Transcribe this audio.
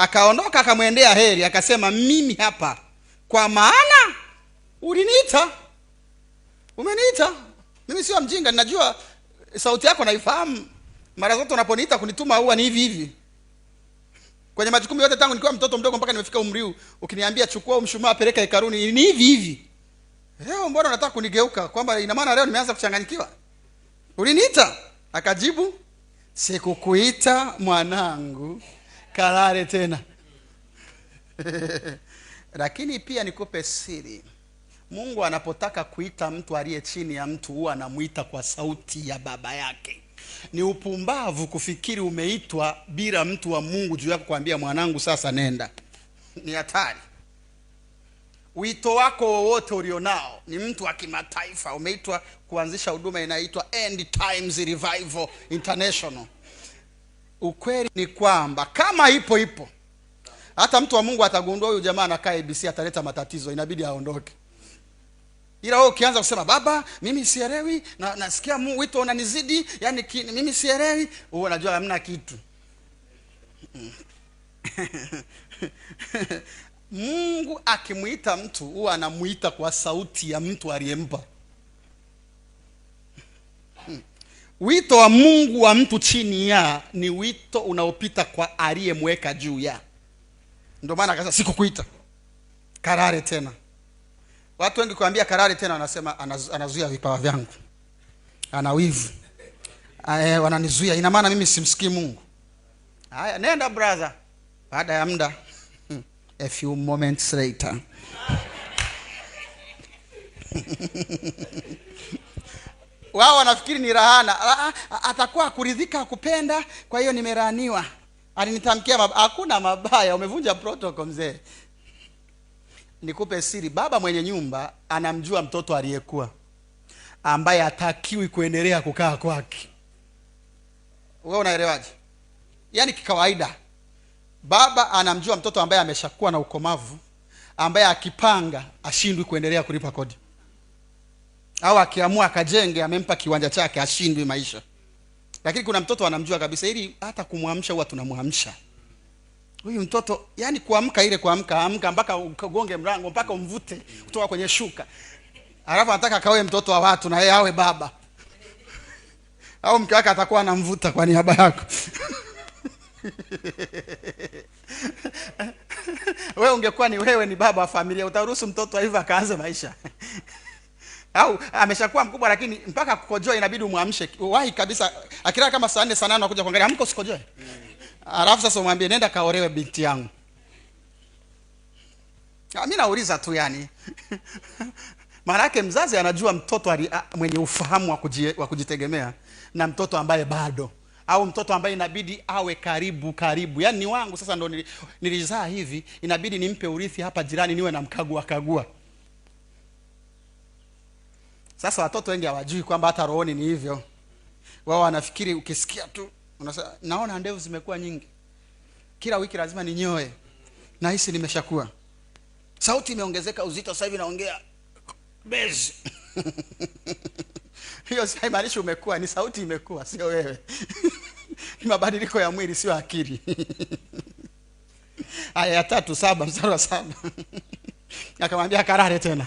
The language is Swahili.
Akaondoka akamwendea Heri akasema, mimi hapa, kwa maana uliniita, umeniita mimi. Sio mjinga, ninajua sauti yako naifahamu. Mara zote unaponiita kunituma huwa ni hivi hivi kwenye majukumu yote tangu nikiwa mtoto mdogo mpaka nimefika umri huu, ukiniambia chukua mshumaa peleka hekaruni, ni hivi hivi. Leo mbona unataka kunigeuka kwamba ina maana leo nimeanza kuchanganyikiwa? Uliniita? Akajibu, sikukuita mwanangu, kalale tena lakini pia nikupe siri, Mungu anapotaka kuita mtu aliye chini ya mtu huwa anamwita kwa sauti ya baba yake. Ni upumbavu kufikiri umeitwa bila mtu wa Mungu juu yako kuambia mwanangu, sasa nenda. Ni hatari. Wito wako wowote ulionao ni mtu wa kimataifa. Umeitwa kuanzisha huduma inaitwa End Times Revival International ukweli ni kwamba kama ipo ipo hata mtu wa mungu atagundua huyu jamaa anakaa abc ataleta matatizo inabidi aondoke ila wewe ukianza kusema baba mimi sielewi na nasikia wito unanizidi yani ki, mimi sielewi huo unajua hamna kitu mungu akimwita mtu huwa anamwita kwa sauti ya mtu aliyempa Wito wa Mungu wa mtu chini ya ni wito unaopita kwa aliyemweka juu ya. Ndio maana akasema sikukuita, karare tena. Watu wengi kuambia karare tena, wanasema anazuia vipawa vyangu, ana wivu, eh, wananizuia, ina maana mimi simsikii Mungu. Haya, nenda brother. Baada ya muda, a few moments later wao wanafikiri ni rahana, ah, ah, atakuwa akuridhika akupenda, kwa hiyo nimeraniwa, alinitamkia mab... hakuna mabaya, umevunja protocol mzee. Nikupe siri, baba mwenye nyumba anamjua mtoto aliyekuwa ambaye atakiwi kuendelea kukaa kwake. Wewe unaelewaje? Yaani kikawaida, baba anamjua mtoto ambaye ameshakuwa na ukomavu, ambaye akipanga ashindwi kuendelea kulipa kodi au akiamua akajenge, amempa kiwanja chake, ashindwe maisha. Lakini kuna mtoto anamjua kabisa, ili hata kumwamsha huwa tunamwamsha huyu mtoto, yani kuamka, ile kuamka amka mpaka ugonge mlango mpaka umvute kutoka kwenye shuka, alafu anataka akawe mtoto wa watu na yeye awe baba au mke wake atakuwa anamvuta kwa niaba yako. Wewe ungekuwa ni wewe ni baba wa familia, utaruhusu mtoto aivyo akaanze maisha? au ameshakuwa mkubwa, lakini mpaka kukojoa inabidi umwamshe wahi kabisa. Akilala kama saa nne saa nane unakuja kuangalia, amka usikojoe. Alafu sasa umwambie nenda kaolewe, binti yangu. Ah, mi nauliza tu yani maana yake mzazi anajua mtoto ali, a, ah, mwenye ufahamu wa kujitegemea na mtoto ambaye bado au mtoto ambaye inabidi awe karibu karibu, yaani ni wangu sasa, ndo nilizaa hivi, inabidi nimpe urithi hapa jirani, niwe na mkagua kagua sasa watoto wengi hawajui kwamba hata rohoni ni hivyo. Wao wanafikiri ukisikia tu unasa, naona ndevu zimekuwa nyingi, kila wiki lazima ninyoe, nahisi nimeshakuwa, sauti imeongezeka uzito, sasa hivi naongea bezi hiyo haimaanishi umekuwa, ni sauti imekuwa, sio wewe ni mabadiliko ya mwili, sio akili aya ya tatu saba mstari wa saba akamwambia karare tena